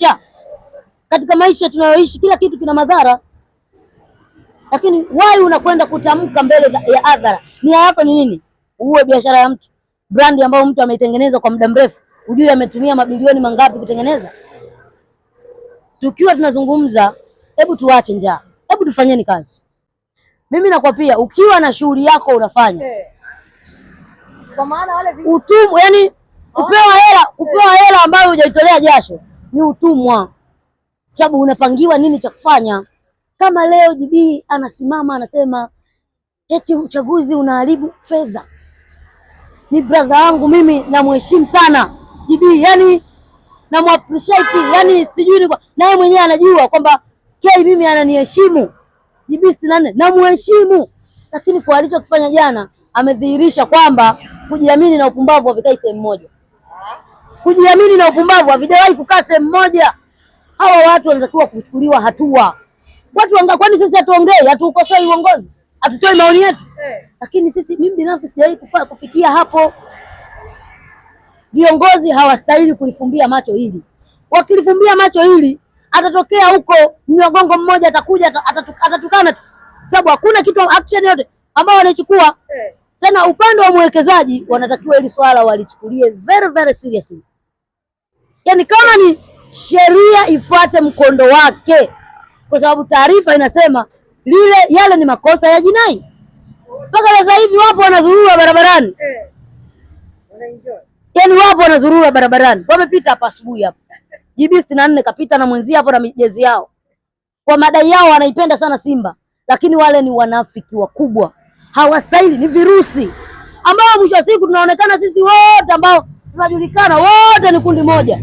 maisha. Katika maisha tunayoishi kila kitu kina madhara, lakini wai unakwenda kutamka mbele ya hadhara. Nia yako ni nini? Uwe biashara ya mtu, brandi ambayo mtu ameitengeneza kwa muda mrefu, ujue ametumia mabilioni mangapi kutengeneza. Tukiwa tunazungumza, hebu tuache njaa, hebu tufanyeni kazi. Mimi nakwapia, ukiwa na shughuli yako unafanya eh. kwa maana wale utumwa, yani oh. upewa hela, upewa hela ambayo hujaitolea jasho ni utumwa, sababu unapangiwa nini cha kufanya. Kama leo JB anasimama anasema eti uchaguzi unaharibu fedha, ni brother wangu mimi, namheshimu sana JB, yani namwappreciate, yani sijui ni naye mwenyewe anajua kwamba K mimi ananiheshimu JB sitini na nne lakini kwa alichokifanya jana amedhihirisha kwamba kujiamini na upumbavu havikai sehemu moja. Kujiamini na upumbavu havijawahi kukaa sehemu moja. Hawa watu wanatakiwa kuchukuliwa hatua. Watu wanga, kwani sisi hatuongei, hatuukosei uongozi, hatutoi maoni yetu hey. Eh. Lakini sisi, mimi binafsi sijawahi kufikia hapo. Viongozi hawastahili kulifumbia macho hili. Wakilifumbia macho hili, atatokea huko mnyogongo mmoja, atakuja atatukana tu, sababu hakuna kitu action yote ambao wanaichukua hey. Eh. Tena upande wa mwekezaji wanatakiwa hili swala walichukulie very very seriously yani kama ni sheria ifuate mkondo wake, kwa sababu taarifa inasema lile yale ni makosa ya jinai. Mpaka sasa hivi wapo wanazurura barabarani eh, yani wapo wanazurura barabarani, wamepita hapa asubuhi hapa JB sitini na nne kapita na mwenzia hapo na mijezi yao kwa madai yao, wanaipenda sana Simba, lakini wale ni wanafiki wakubwa, hawastahili, ni virusi ambao mwisho wa siku tunaonekana sisi wote ambao tunajulikana wote ni kundi moja.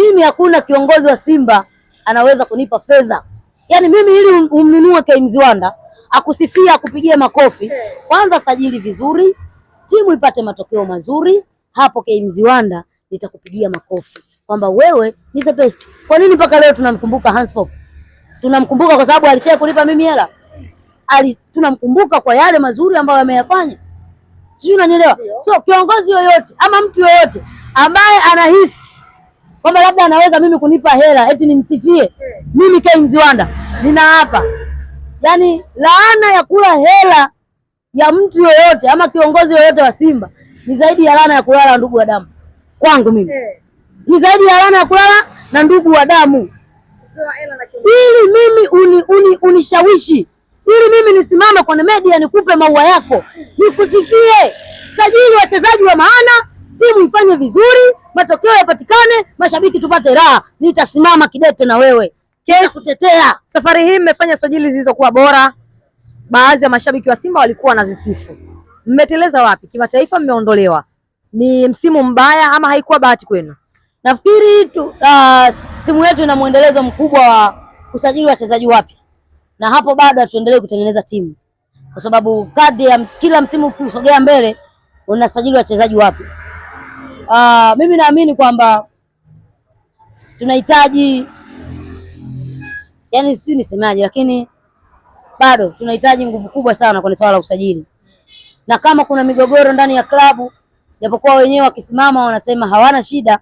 Mimi hakuna kiongozi wa Simba anaweza kunipa fedha. Yaani mimi ili um, umnunue KM Mziwanda akusifia akupigie makofi, kwanza sajili vizuri, timu ipate matokeo mazuri, hapo KM Mziwanda nitakupigia makofi kwamba wewe ni the best. Kwa nini mpaka leo tunamkumbuka Hans Pop? Tunamkumbuka kwa sababu alishaye kulipa mimi hela. Ali, tunamkumbuka kwa yale mazuri ambayo ameyafanya. Sijui unanielewa? So kiongozi yoyote ama mtu yoyote ambaye anahisi kwamba labda anaweza mimi kunipa hela eti nimsifie mimi K Mziwanda. hapa yani, laana ya kula hela ya mtu yoyote ama kiongozi yoyote wa Simba ni zaidi ya laana ya kulala ndugu wa damu. Kwangu mimi eh. ni zaidi ya laana ya kulala na ndugu wa damu, ili mimi uni, uni, unishawishi ili mimi nisimame kwenye media nikupe maua yako nikusifie, sajili wachezaji wa maana, timu ifanye vizuri matokeo yapatikane, mashabiki tupate raha. Nitasimama kidete na wewe yes, kutetea. Safari hii mmefanya sajili zilizokuwa bora, baadhi ya mashabiki wa Simba walikuwa na zisifu. Mmeteleza wapi kimataifa? Mmeondolewa, ni msimu mbaya ama haikuwa bahati kwenu? Nafikiri tu, uh, timu yetu ina mwendelezo mkubwa wa kusajili wachezaji wapya, na hapo bado tuendelee kutengeneza timu, kwa sababu kadri ya kila msimu kusogea mbele unasajili wachezaji wapya. Uh, mimi naamini kwamba tunahitaji yani, sijui nisemaje, lakini bado tunahitaji nguvu kubwa sana kwenye swala la usajili, na kama kuna migogoro ndani ya klabu, japokuwa wenyewe wakisimama wanasema hawana shida,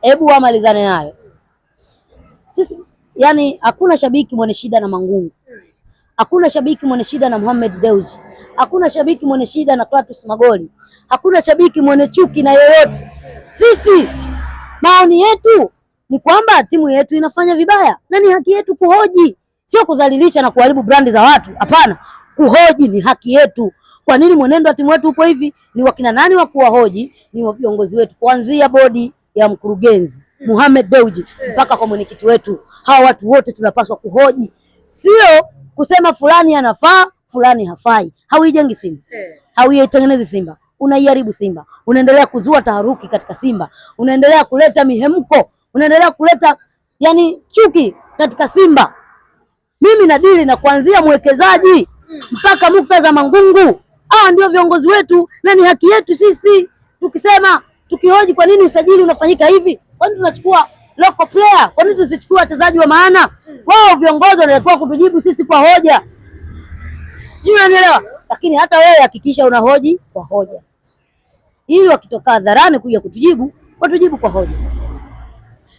hebu wamalizane nayo. Sisi yani, hakuna shabiki mwenye shida na Mangungu. Hakuna shabiki mwenye shida na Mohamed Dewji, hakuna shabiki mwenye shida na Clatous Magoli, hakuna shabiki mwenye chuki na yeyote. Sisi maoni yetu ni kwamba timu yetu inafanya vibaya na ni haki yetu kuhoji, sio kudhalilisha na kuharibu brandi za watu. Hapana, kuhoji ni haki yetu. Kwa nini mwenendo wa timu yetu upo hivi? Ni wakina nani wa kuwahoji? Ni viongozi wetu, kuanzia bodi ya mkurugenzi Mohamed Dewji mpaka kwa mwenyekiti wetu. Hawa watu wote tunapaswa kuhoji sio kusema fulani anafaa fulani hafai. Hauijengi Simba, eh. hauitengenezi Simba, unaiharibu Simba. Unaendelea kuzua taharuki katika Simba, unaendelea kuleta mihemko, unaendelea kuleta yani chuki katika Simba. Mimi na dili na kuanzia mwekezaji hmm. mpaka Murtaza Mangungu. Hawa ndio viongozi wetu na ni haki yetu sisi tukisema, tukihoji kwa nini usajili unafanyika hivi. Kwa nini tunachukua local player? Kwa nini tusichukue wachezaji wa maana? wao viongozi wanatakiwa kutujibu sisi kwa hoja, sio unanielewa? Lakini hata wewe hakikisha unahoji kwa hoja, ili wakitoka hadharani kuja kutujibu watujibu kwa hoja,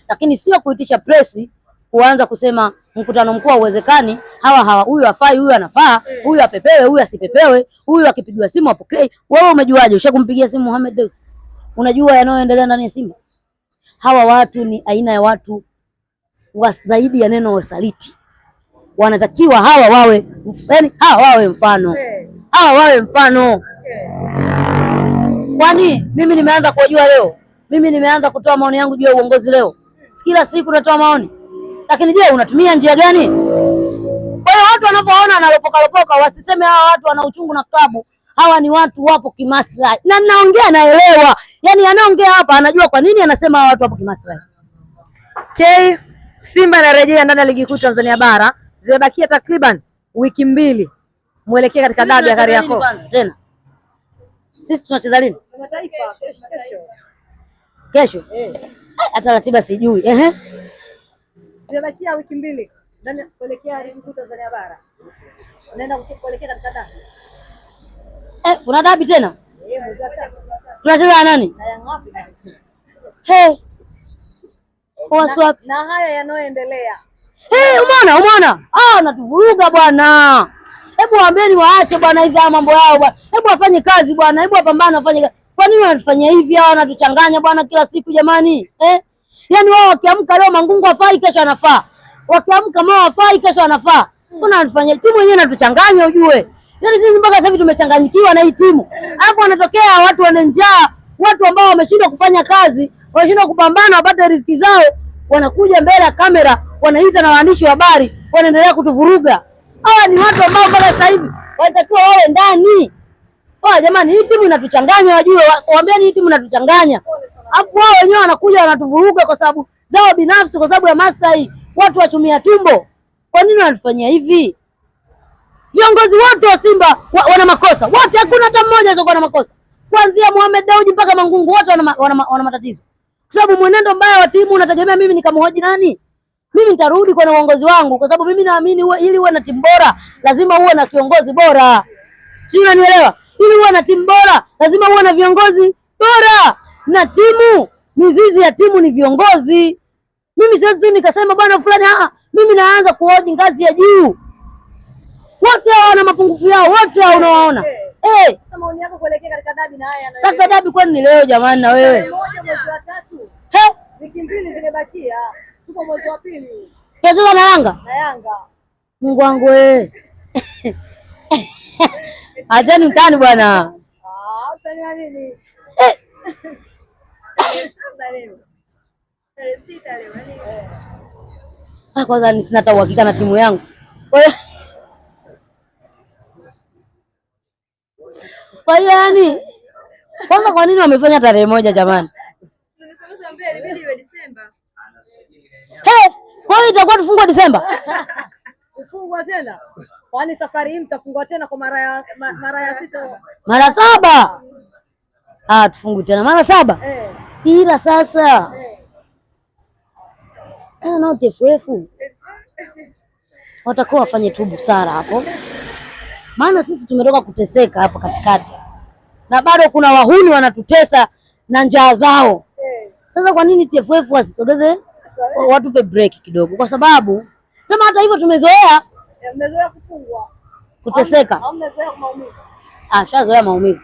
lakini sio kuitisha presi kuanza kusema mkutano mkuu hauwezekani, hawa hawa, huyu afai, huyu anafaa, huyu apepewe, huyu asipepewe, huyu akipigiwa simu apokee. Wewe umejuaje? Ushakumpigia simu Mohamed Dewji? Unajua yanayoendelea ndani ya Simba? Hawa watu ni aina ya watu wa zaidi ya neno wasaliti Wanatakiwa hawa wawe yani, hawa wawe mfano, hawa wawe mfano. Kwani mimi nimeanza kuwajua leo? Mimi nimeanza kutoa maoni yangu juu ya uongozi leo? Kila siku unatoa maoni, lakini je, unatumia njia gani? Kwa hiyo watu analopoka lopoka, wasiseme hawa watu wana uchungu na klabu. Hawa ni watu wapo kimaslahi, na naongea naelewa, yani anaongea hapa anajua kwa nini anasema hawa watu wapo kimaslahi. Okay. Simba inarejea ndani ya ligi kuu Tanzania bara, zimebakia takriban wiki mbili mwelekea katika dabi ya Kariakoo. Tena sisi tunacheza lini? Kesho eh, hata ratiba sijui. eh. zimebakia wiki mbili ndani kuelekea ligi kuu Tanzania bara, unaenda kuelekea katika dabi. Eh, kuna dabi tena eh, tunacheza nani? Na Hey na, na haya yanayoendelea. Hey, umeona umeona, ah, natuvuruga bwana. Hebu waambieni waache bwana hizi mambo yao bwana, hebu wafanye kazi bwana, hebu wapambane wafanye kazi. Kwa nini wanatufanyia hivi hawa? Wanatuchanganya bwana kila siku jamani, eh? Yaani wao wakiamka leo Mangungu afai, kesho anafaa, wakiamka Mao afai, kesho anafaa. Kuna wanatufanyia timu yenyewe inatuchanganya, ujue yaani sisi mpaka sasa hivi tumechanganyikiwa na hii timu, alafu wanatokea watu wana njaa, watu ambao wameshindwa kufanya kazi, wameshindwa kupambana wapate riziki zao wanakuja mbele ya kamera, wanaita na waandishi wa habari, wanaendelea kutuvuruga. Hawa ni watu ambao mpaka sasa hivi wanatakiwa wawe ndani. Oa jamani, hii timu inatuchanganya, wajue waambieni, hii timu inatuchanganya, afu wao wenyewe wanakuja wanatuvuruga kwa sababu zao binafsi, kwa sababu ya maslahi, watu wachumia tumbo. Kwa nini wanatufanyia hivi? Viongozi wote wa Simba wa, wana makosa wote, hakuna hata mmoja asiyokuwa na makosa, kuanzia Mohamed Daudi mpaka Mangungu, wote wana, wana, wana matatizo kwa sababu mwenendo mbaya wa timu unategemea mimi nikamhoji nani? Mimi nitarudi kwa uongozi wangu, kwa sababu mimi naamini uwe, ili uwe na timu bora lazima uwe na kiongozi bora, si unanielewa? Ili uwe na timu bora lazima uwe na viongozi bora, na timu, mizizi ya timu ni viongozi. Mimi siwezi tu nikasema bwana fulani, ah, mimi naanza kuhoji ngazi ya juu. Wote hao wana mapungufu yao, wote hao unawaona. Hey, eh, sasa maoni yako kuelekea katika dabi na haya na sasa dabi kwani ni leo jamani, na wewe mwezi wa Wiki mbili zimebakia. mwezi wa pili. Tunacheza na Yanga? Na Yanga. Mungu wangu wewe. Acheni mtani bwana. Ah, utani nini? Eh. Yaani. Ah, kwanza sina hata uhakika na timu yangu. Kwa hiyo yani, kwanza kwa nini wamefanya tarehe moja jamani? Kwa hiyo itakuwa tufungwa Desemba. Tufungwa tena. Kwani safari hii mtafungwa tena kwa mara ya mara ya sita. Mara saba. Ah, tufungwe tena mara saba. Eh. Ila sasa. Eh. Ah, eh, nao TFF. Watakuwa wafanye tu busara hapo. Maana sisi tumetoka kuteseka hapa katikati. Na bado kuna wahuni wanatutesa na njaa zao. Eh. Sasa kwa nini TFF wasisogeze Eh. watupe break kidogo, kwa sababu sema hata hivyo tumezoea kuteseka, ah, shazoea maumivu.